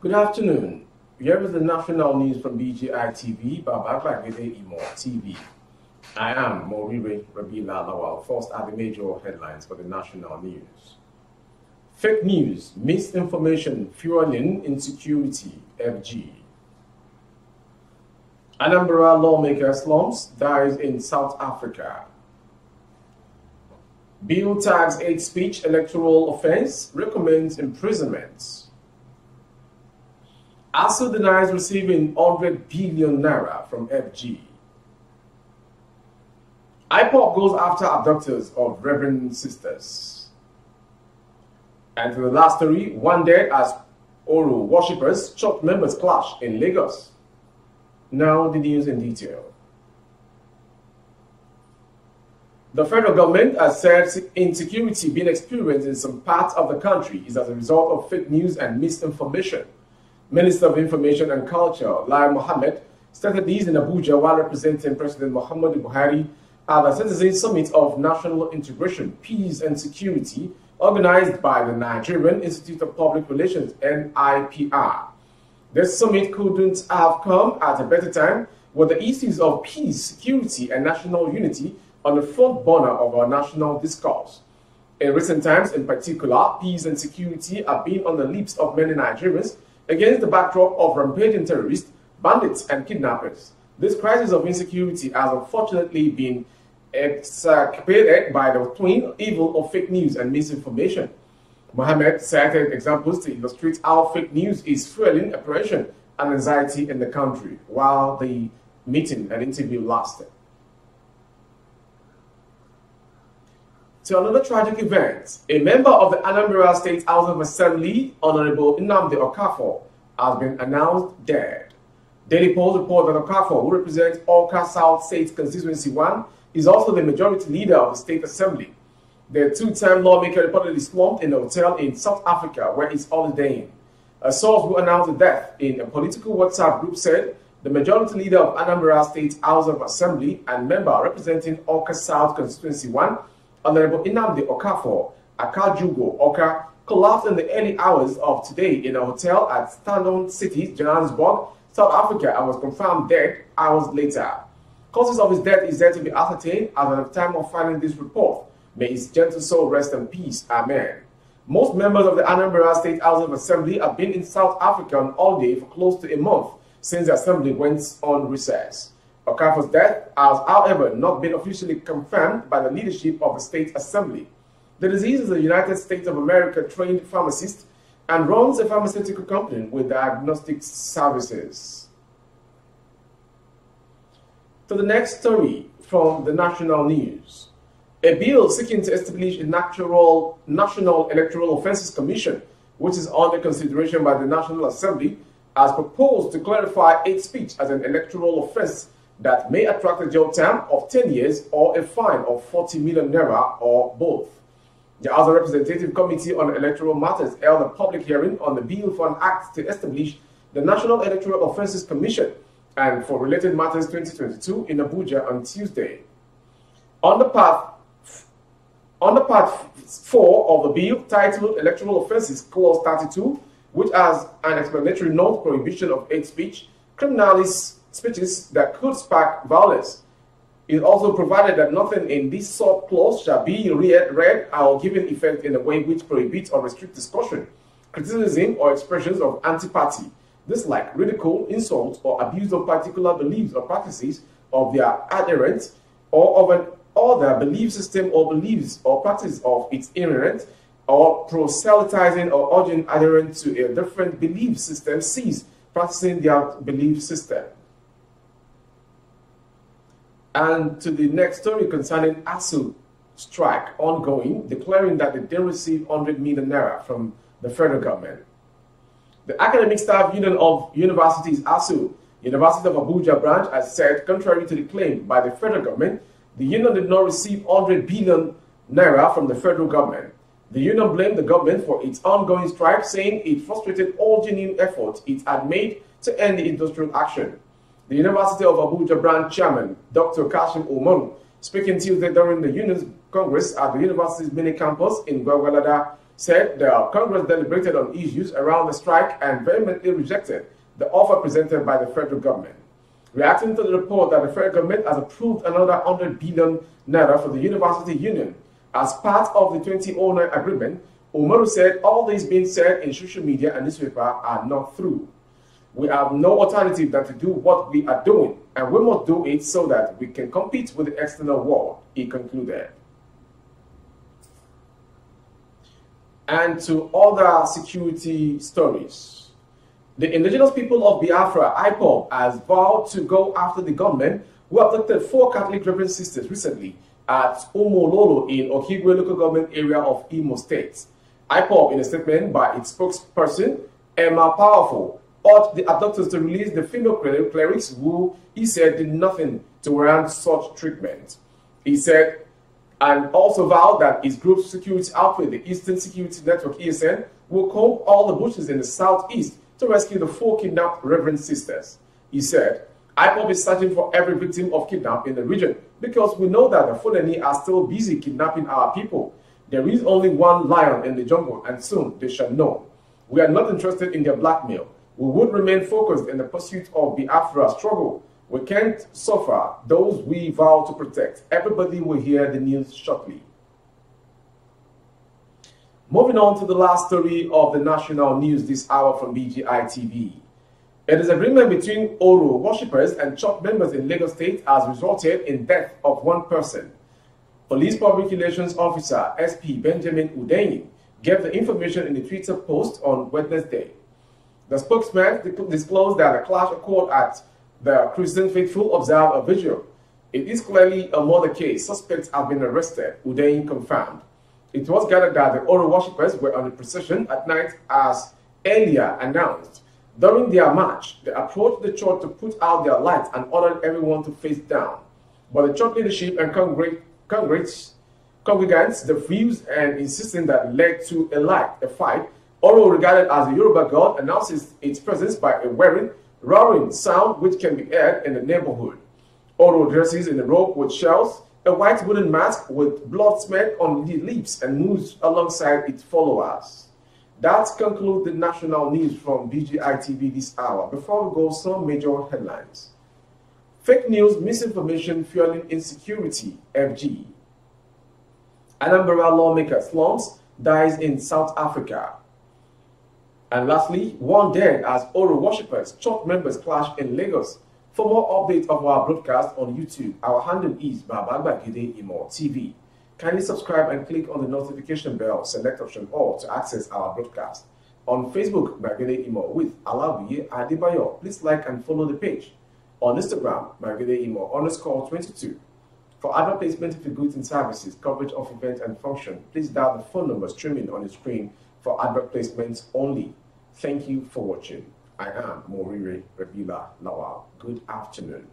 Good afternoon. Here is the national news from BGI TV, Baba Gede Imo TV. I am Morire Rabi Lalawal. First at the major headlines for the national news. Fake news, misinformation, fueling insecurity, FG. Anambra lawmaker slumps, dies in South Africa. Bill tags hate speech electoral offense, recommends imprisonment also denies receiving 100 billion naira from FG. IPOP goes after abductors of reverend sisters. And for the last story, one dead as Oro worshippers, church members clash in Lagos. Now the news in detail. The federal government has said insecurity being experienced in some parts of the country is as a result of fake news and misinformation. Minister of Information and Culture, Lai Mohammed, stated these in Abuja while representing President Muhammadu Buhari at the Citizen Summit of National Integration, Peace and Security, organized by the Nigerian Institute of Public Relations, NIPR. This summit couldn't have come at a better time with the issues of peace, security, and national unity on the front burner of our national discourse. In recent times, in particular, peace and security have been on the lips of many Nigerians Against the backdrop of rampaging terrorists, bandits, and kidnappers, this crisis of insecurity has unfortunately been exacerbated by the twin evil of fake news and misinformation. Mohammed cited examples to illustrate how fake news is fueling oppression and anxiety in the country while the meeting and interview lasted. To another tragic event, a member of the Anambra State House of Assembly, Honorable Inamde Okafor, has been announced dead. Daily Post report that Okafo, who represents Oka South State Constituency 1, is also the majority leader of the state assembly. The two-time lawmaker reportedly slumped in a hotel in South Africa where he's holidaying. A source who announced the death in a political WhatsApp group said the majority leader of Anambra State House of Assembly and member representing Oka South Constituency 1, Honorable Inamde Okafor Akajugo Oka, collapsed in the early hours of today in a hotel at Standon City, Johannesburg, South Africa, and was confirmed dead hours later. Causes of his death is yet to be ascertained at the time of filing this report. May his gentle soul rest in peace. Amen. Most members of the Anambra State House of Assembly have been in South Africa on all day for close to a month since the Assembly went on recess. Okafor's death has, however, not been officially confirmed by the leadership of the State Assembly. The disease is a United States of America trained pharmacist and runs a pharmaceutical company with diagnostic services. To the next story from the national news. A bill seeking to establish a natural, National Electoral Offences Commission, which is under consideration by the National Assembly, has proposed to clarify hate speech as an electoral offense that may attract a jail term of 10 years or a fine of 40 million naira or both. The House Representative Committee on Electoral Matters held a public hearing on the bill for an act to establish the National Electoral Offences Commission and for related matters 2022 in Abuja on Tuesday. On the path on the part four of the bill titled Electoral Offences Clause 32, which has an explanatory note prohibition of hate speech, criminalises speeches that could spark violence, it also provided that nothing in this subclause shall be read, read or given effect in a way which prohibits or restricts discussion, criticism, or expressions of antipathy, dislike, ridicule, insult, or abuse of particular beliefs or practices of their adherents or of an other belief system or beliefs or practices of its inherent or proselytizing or urging adherents to a different belief system cease practicing their belief system. And to the next story concerning ASU strike ongoing, declaring that they didn't receive 100 million naira from the federal government. The Academic Staff Union of Universities, ASU, University of Abuja branch, has said, contrary to the claim by the federal government, the union did not receive 100 billion naira from the federal government. The union blamed the government for its ongoing strike, saying it frustrated all genuine efforts it had made to end the industrial action. The University of Abuja branch chairman, Dr. Kashim Omaru, speaking Tuesday during the Union's Congress at the university's mini campus in Gwagwalada, said the Congress deliberated on issues around the strike and vehemently rejected the offer presented by the federal government. Reacting to the report that the federal government has approved another 100 billion naira for the university union as part of the 2009 agreement, Omaru said all this being said in social media and newspaper are not true. We have no alternative than to do what we are doing, and we must do it so that we can compete with the external world, he concluded. And to other security stories. The indigenous people of Biafra, IPOB, has vowed to go after the government who abducted four Catholic Reverend sisters recently at Omololo in Okigwe local government area of Imo State. IPOB, in a statement by its spokesperson, Emma Powerful, Ought the abductors to release the female clerics who, he said, did nothing to warrant such treatment. He said, and also vowed that his group's security outfit, the Eastern Security Network, ESN, will comb all the bushes in the southeast to rescue the four kidnapped reverend sisters. He said, will is searching for every victim of kidnapping in the region because we know that the Fulani are still busy kidnapping our people. There is only one lion in the jungle and soon they shall know. We are not interested in their blackmail. We would remain focused in the pursuit of Biafra struggle. We can't suffer those we vow to protect. Everybody will hear the news shortly. Moving on to the last story of the national news this hour from BGI TV. A disagreement between Oro worshippers and church members in Lagos State has resulted in death of one person. Police Public Relations Officer SP Benjamin Udeyin gave the information in a Twitter post on Wednesday. The spokesman disclosed that the clash occurred at the Christian faithful observed a vigil. It is clearly a murder case. Suspects have been arrested, Udain confirmed. It was gathered that the Oro worshippers were on a procession at night as earlier announced. During their march, they approached the church to put out their lights and ordered everyone to face down. But the church leadership and congregants refused and insisting that led to a light, a fight, Oro, regarded as a Yoruba god, announces its presence by a whirring, roaring sound which can be heard in the neighborhood. Oro dresses in a robe with shells, a white wooden mask with blood smeared on the lips, and moves alongside its followers. That concludes the national news from BGI TV this hour. Before we go, some major headlines. Fake news, misinformation, fueling insecurity, FG. Anambra lawmaker slums dies in South Africa. And lastly, one dead as Oro worshippers, church members clash in Lagos. For more updates of our broadcast on YouTube, our handle is Babagbagide Imo TV. Kindly subscribe and click on the notification bell, select option all to access our broadcast. On Facebook, Bagede Imo with Alawiye Adebayo. Please like and follow the page. On Instagram, Bagede Imo underscore 22. For advertisement of goods and services, coverage of event and function, please dial the phone number streaming on the screen for advertisements only. Thank you for watching. I am Morire Rabila Lawal. Good afternoon.